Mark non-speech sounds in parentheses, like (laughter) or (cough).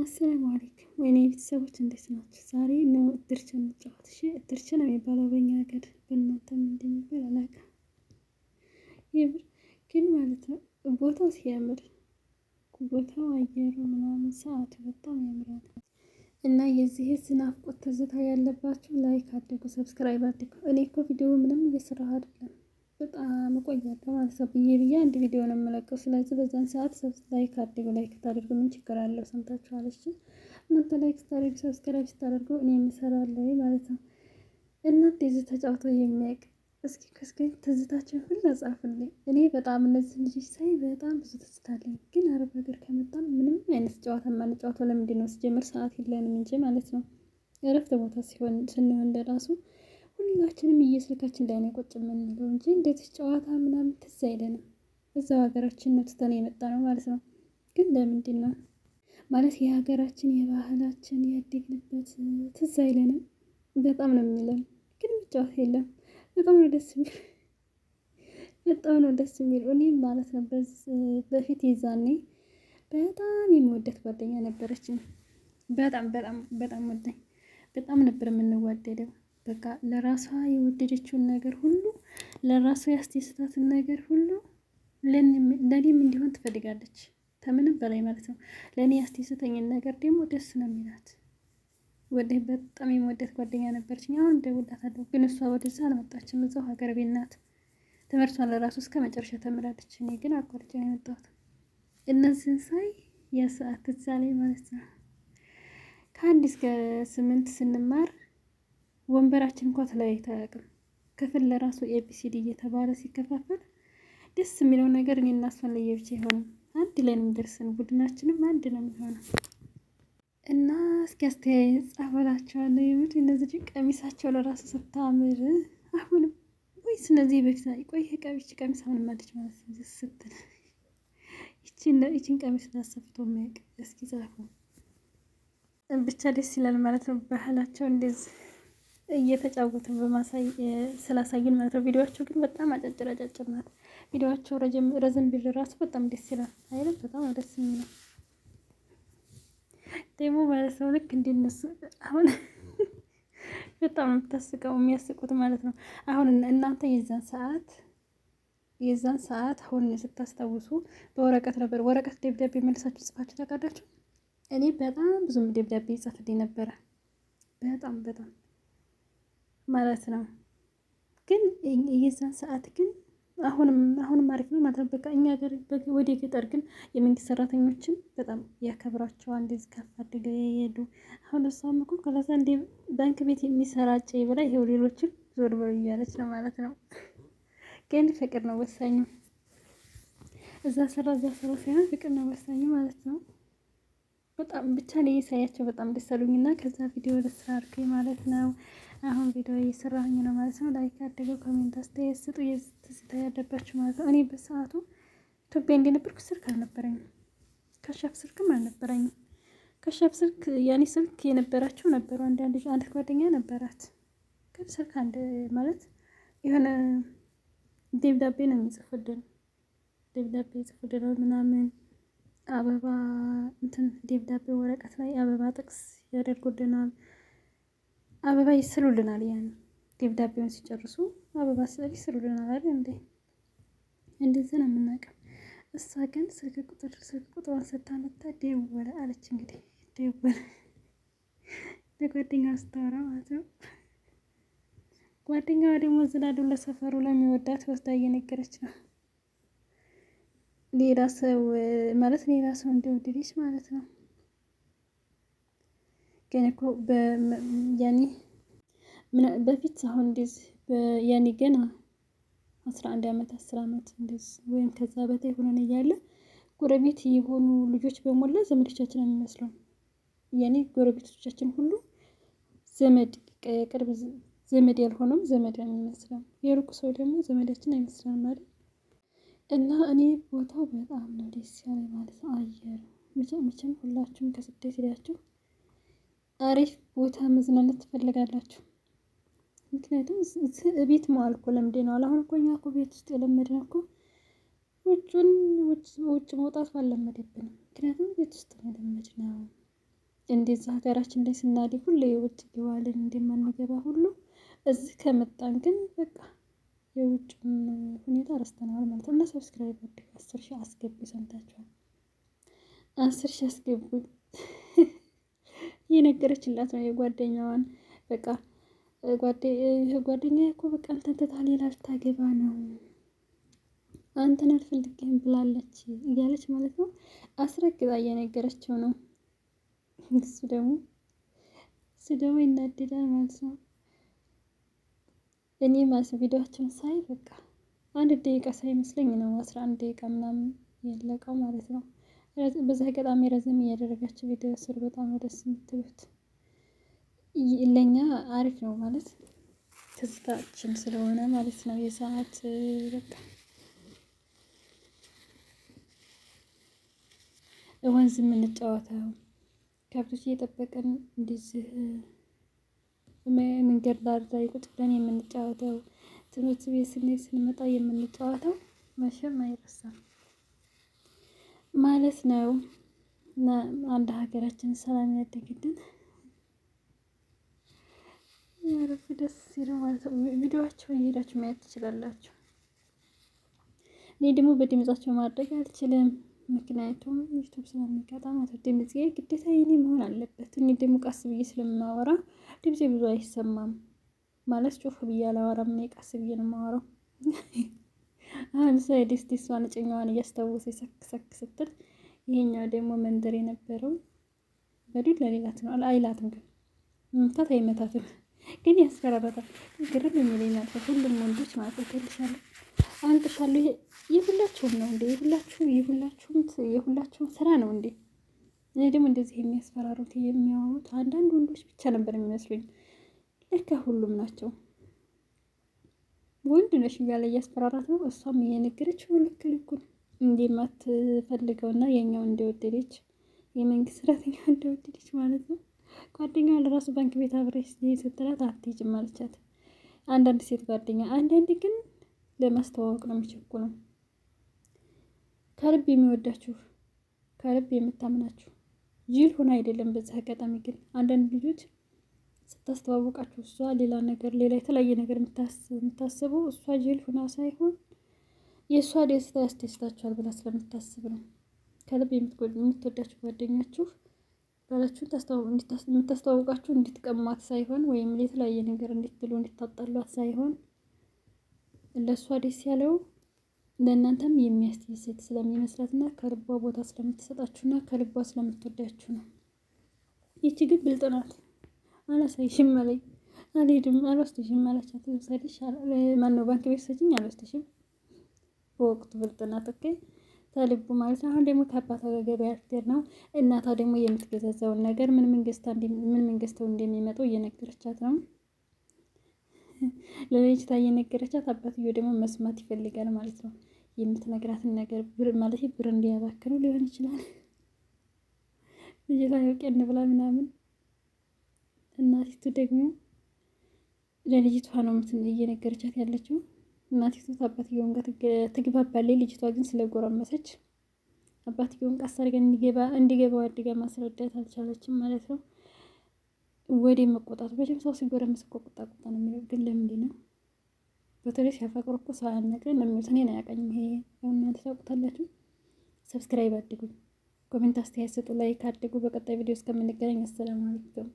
አሰላሙ አለይኩም ወይኔ ቤተሰቦች እንዴት ናቸው? ዛሬ ነው እድርቻ እንጫወት። እሺ እድርቻ ነው የሚባለው በኛ ሀገር፣ በእናንተ እንደሚባል አላውቅም። የምር ግን ማለት ነው ቦታው ሲያምር፣ ቦታው አየሩ ምናምን ሰዓቱ በጣም ያምራል። እና የዚህ ናፍቆት ትዝታ ያለባችሁ ላይክ አድርጉ፣ ሰብስክራይብ አድርጉ። እኔ እኮ ቪዲዮ ምንም እየሰራሁ አይደለም መቆያለሁ በማሰብ ነው ብዬ ብዬ አንድ ቪዲዮ ነው የምለቀው። ስለዚህ በዛን ሰዓት ሰብስክራይብ ካድርጉ፣ ላይክ ታደርጉ፣ ምን ችግር አለው? ሰምታችኋለች። እናንተ ላይክ ታደርጉ፣ ሰብስክራይብ ስታደርጉ እኔ የምሰራለሁ ማለት ነው። እናንተ እዚህ ተጫውቶ የሚያውቅ እስኪ ከስኪ ትዝታችን ሁሉ ጻፍልኝ። እኔ በጣም እነዚህ ልጆች ሳይ በጣም ብዙ ትዝታለኝ። ግን አረብ ሀገር ከመጣን ምንም አይነት ጨዋታ የማንጫወተው ለምንድን ነው? ስጀምር ሰዓት የለንም እንጂ ማለት ነው። እረፍት ቦታ ሲሆን ስንሆን እንደራሱ ሁላችንም እየስልካችን ላይ ነው ቁጭ የምንለው እንጂ እንዴት ጨዋታ ምናምን ትዝ አይለንም። እዛው ሀገራችን ነው ትተን የመጣ ነው ማለት ነው። ግን ለምንድን ነው ማለት የሀገራችን የባህላችን ያደግንበት ትዝ አይለንም። በጣም ነው የሚለን ግን ጨዋታ የለም። በጣም ነው ደስ የሚል በጣም ነው ደስ የሚል እኔም ማለት ነው በፊት ይዛኔ በጣም የምወዳት ጓደኛ ነበረችን። በጣም በጣም በጣም ወደኝ በጣም ነበር የምንዋደደው በቃ ለራሷ የወደደችውን ነገር ሁሉ ለራሷ ያስደስታትን ነገር ሁሉ ለእኔም እንዲሆን ትፈልጋለች። ከምንም በላይ ማለት ነው። ለእኔ ያስደስተኝን ነገር ደግሞ ደስ ነው የሚላት። ወደ በጣም የመወደት ጓደኛ ነበረችኝ። አሁን እደውልላታለሁ፣ ግን እሷ ወደዛ አልመጣችም። እዛው ሀገር ቤት ናት። ትምህርቷን ለራሱ እስከ መጨረሻ ተምራለች። እኔ ግን አቋርጫ ነው የመጣሁት። እነዚህን ሳይ የሰዓት ትዛለኝ ማለት ነው። ከአንድ እስከ ስምንት ስንማር ወንበራችን እንኳ ተለያይቶ አያውቅም። ክፍል ለራሱ ኤቢሲዲ እየተባለ ሲከፋፈል ደስ የሚለው ነገር እኔ እናሷን ለየብቻ አይሆንም፣ አንድ ላይ ነው የሚደርሰን። ቡድናችንም አንድ ነው የሚሆነው እና እስኪ አስተያየት ጻፈላቸዋለሁ። የምር እነዚህ ቀሚሳቸው ለራሱ ስታምር አሁንም ወይስ እነዚህ በፊት ቆይ ቀሚች ቀሚስ አሁን አለች ማለት ነው ስትል ይችን ቀሚስ ናሰፍቶ የሚያውቅ እስኪ ጻፉ ብቻ ደስ ይላል ማለት ነው ባህላቸው እንደዚህ እየተጫወቱ በማሳይ ስላሳዩን ማለት ነው። ቪዲዮቸው ግን በጣም አጫጭር አጫጭር ናት። ቪዲዮቸው ረዘም ቢል ራሱ በጣም ደስ ይላል አይደል? በጣም ደስ የሚለው ደግሞ ማለት ነው። ልክ እንዲነሱ አሁን (laughs) በጣም የምታስቀው የሚያስቁት ማለት ነው። አሁን እናንተ የዛን ሰዓት የዛን ሰዓት አሁን ስታስታውሱ በወረቀት ነበር ወረቀት ደብዳቤ መልሳችሁ ጽፋችሁ ታውቃላችሁ? እኔ በጣም ብዙም ደብዳቤ ጽፍልኝ ነበረ በጣም በጣም ማለት ነው። ግን የዛን ሰዓት ግን አሁንም አሁንም አሪፍ ነው ማለት በቃ እኛ ሀገር ወደ ገጠር ግን የመንግስት ሰራተኞችን በጣም ያከብራቸዋል። እንደዚህ ከፍ አድርገው የሄዱ አሁን እሷም እኮ ከላሳ እንደ ባንክ ቤት የሚሰራ ጨይ ብላ ይሄው ሌሎችን ዞር በሉ እያለች ነው ማለት ነው። ግን ፍቅር ነው ወሳኙ። እዛ ስራ እዛ ስራ ሳይሆን ፍቅር ነው ወሳኙ ማለት ነው። በጣም ብቻ ላይ የሳያቸው በጣም ደስ አሉኝ እና ከዛ ቪዲዮ ደስ አድርገኝ ማለት ነው። አሁን ቪዲዮ እየሰራሁኝ ነው ማለት ነው። ላይክ አድርገው ኮሜንት አስተያየት ስጡ፣ የትስታ ያለባችሁ ማለት ነው። እኔ በሰዓቱ ኢትዮጵያ እንደነበርኩ ስልክ አልነበረኝም፣ ከሻፍ ስልክም አልነበረኝም። ከሻፍ ስልክ ያኔ ስልክ የነበራቸው ነበሩ አንዳንድ አንድ ጓደኛ ነበራት፣ ግን ስልክ አንድ ማለት የሆነ ደብዳቤ ነው የሚጽፉልን ደብዳቤ ይጽፉልናል ምናምን አበባ እንትን ደብዳቤ ወረቀት ላይ አበባ ጥቅስ ያደርጉልናል። አበባ ይስሉልናል። ያን ደብዳቤውን ሲጨርሱ አበባ ስዕል ይስሉልናል አይደል እንዴ? እንደዚህ ነው የምናውቀው። እሷ ግን ስልክ ቁጥር ስልክ ቁጥሯን ስታመጣ ደወለ አለች። እንግዲህ ደወለ ለጓደኛዋ ስታወራ ማለት ነው። ጓደኛዋ ደግሞ ዝናዱን ለሰፈሩ ለሚወዳት ወስዳ እየነገረች ነው። ሌላ ሰው ማለት ሌላ ሰው እንደወደደች ማለት ነው። ግን እኮ ያኔ በፊት አሁን እንደዚህ ያኔ ገና አስራ አንድ ዓመት አስር ዓመት እንደዚህ ወይም ከዛ በታይ ሆነን እያለ ጎረቤት የሆኑ ልጆች በሞላ ዘመዶቻችን የሚመስለው ያኔ ጎረቤቶቻችን ሁሉ ዘመድ ቅርብ ዘመድ ያልሆነም ዘመድ የሚመስለን የሩቁ ሰው ደግሞ ዘመዳችን አይመስለን ማለት እና እኔ ቦታው በጣም ነው ደስ ያለ ማለት አየር መቼም ሁላችሁም ከስደት ሄዳችሁ አሪፍ ቦታ መዝናናት ትፈልጋላችሁ? ምክንያቱም ቤት መዋል እኮ ለምዴ ነው። አሁን እኮ እኛ እኮ ቤት ውስጥ የለመድነው እኮ ውጩን ውጭ መውጣት አልለመደብንም። ምክንያቱም ቤት ውስጥ መለመድ ነው። እንደዛ ሀገራችን ላይ ስናድግ ሁሌ የውጭ እየዋልን እንደማንገባ ሁሉ እዚህ ከመጣን ግን በቃ የውጭ ሁኔታ ረስተነዋል ማለት ነው። እና ሰብስክራይብ አድርጉ፣ አስር ሺህ አስገቡ። ሰምታችኋል? አስር ሺህ እየነገረችላት ነው የጓደኛዋን በቃ ጓደኛ እኮ በቃ ተንተታ ሌላ ልታገባ ነው አንተን አልፈልግህም ብላለች እያለች ማለት ነው አስረግጣ እየነገረችው ነው። እሱ ደግሞ እሱ ደግሞ ይናደዳል ማለት ነው። እኔ ማለት ነው ቪዲዮቸውን ሳይ በቃ አንድ ደቂቃ ሳይመስለኝ ነው አስራ አንድ ደቂቃ ምናምን የለቀው ማለት ነው። በዚህ አጋጣሚ ረዘም እያደረጋችሁ ቪዲዮ ስር በጣም ደስ የምትሉት ለእኛ አሪፍ ነው ማለት ትዝታችን ስለሆነ ማለት ነው። የሰዓት በቃ ወንዝ የምንጫወተው ከብቶች እየጠበቀን እንደዚህ መንገድ ዳር ላይ ቁጭ ብለን የምንጫወተው ትምህርት ቤት ስንሄድ ስንመጣ የምንጫወተው መቼም አይረሳም። ማለት ነው። አንድ ሀገራችን ሰላም ያደግልን። ያረፍ ደስ ሲሉ ማለት ነው። እየሄዳችሁ ማየት ትችላላችሁ። እኔ ደግሞ በድምጻቸው ማድረግ አልችልም፣ ምክንያቱም ዩቱብ ስለሚቀጣ ማለት ድምፄ ግዴታ የኔ መሆን አለበት። እኔ ደግሞ ቃስ ብዬ ስለማወራ ድምፄ ብዙ አይሰማም ማለት ጮፍ ብዬ አላወራም። እኔ ቃስ ብዬ ነው የማወራው። አሁን ሰዲስት እሷን ጭኛዋን እያስታወሰ ሰክ ስትል፣ ይሄኛው ደግሞ መንደር የነበረው በዱድ ለሌላት ነው አይላትም፣ ግን መምታት አይመታትም፣ ግን ያስፈራራታል። ግርም የሚለኝ ሁሉም ወንዶች ማለት እገልሻለሁ፣ አንጥሻለሁ። የሁላችሁም ነው እንዴ? የሁላችሁም የሁላችሁም የሁላችሁም ስራ ነው እንዴ? እኔ ደግሞ እንደዚህ የሚያስፈራሩት የሚያወሩት አንዳንድ ወንዶች ብቻ ነበር የሚመስሉኝ። ለካ ሁሉም ናቸው። ወንድ ነሽ እያለ እያስፈራራት ነው። እሷም እየነገረችው ልክ ልኩን እንደማትፈልገውና የኛው እንደወደደች የመንግስት ሰራተኛ (laughs) እንደወደደች ማለት ነው። ጓደኛዋ ለራሱ ባንክ ቤት አብረሽ ስትላት አትሄጂም አለቻት። አንዳንድ ሴት ጓደኛ፣ አንዳንድ ግን ለማስተዋወቅ ነው የሚቸኩለው። ከልብ የሚወዳችሁ ከልብ የምታምናችሁ ጅል ሆነ አይደለም። በዚህ አጋጣሚ ግን አንዳንድ ልጆች ስታስተዋወቃችሁ እሷ ሌላ ነገር ሌላ የተለያየ ነገር የምታስቡ እሷ ጅል ሁና ሳይሆን የእሷ ደስታ ያስደስታችኋል ብላ ስለምታስብ ነው። ከልብ የምትወዳችሁ ጓደኛችሁ ባላችሁን የምታስተዋውቃችሁ እንድትቀማት ሳይሆን ወይም የተለያየ ነገር እንድትሉ እንድታጣሏት ሳይሆን ለእሷ ደስ ያለው ለእናንተም የሚያስደስት ስለሚመስላትና ከልቧ ቦታ ስለምትሰጣችሁ ና ከልቧ ስለምትወዳችሁ ነው። ይቺ ግን ብልጥ ናት። አላሳይሽም አለኝ። አልሄድም አልወስድሽም አለቻት። ውሰድሽ ማነው ባንክ ቤት ሰጅኝ አልወስድሽም። በወቅቱ ብልጥና ጥቄ ተልቡ ማለት ነው። አሁን ደግሞ ከአባቷ ገበያ ፊቴር ነው። እናቷ ደግሞ የምትገዛዛውን ነገር ምን መንግስተው እንደሚመጣው እየነገረቻት ነው። (laughs) ለልጅታ እየነገረቻት፣ አባትዮ ደግሞ መስማት ይፈልጋል ማለት ነው። የምትነግራትን ነገር ብር ማለት ብር እንዲያባክኑ ሊሆን ይችላል። ልጅቷ ያውቅ ብላ ምናምን እናቲቱ ደግሞ ለልጅቷ ነው ምትን እየነገረቻት ያለችው። እናቲቱ አባትየውን ጋር ትግባባለች። ልጅቷ ግን ስለጎረመሰች አባትየውን ቃስ አድርጋ እንዲገባው አድጋ ማስረዳት አልቻለችም ማለት ነው። ወዴ መቆጣት በደም ሰው ሲጎረምስ እኮ ቁጣ ቁጣ ነው የሚለው፣ ግን ለምንድን ነው በተለይ ሲያፈቅሩ እኮ ሰው አያናግረን ለሚሉት እኔን አያውቀኝም። ይሄ እናንተ ታውቁታላችሁ። ሰብስክራይብ አድጉ፣ ኮሜንት አስተያየት ስጡ፣ ላይክ አድጉ። በቀጣይ ቪዲዮ እስከምንገናኝ አሰላሙ አለይኩም።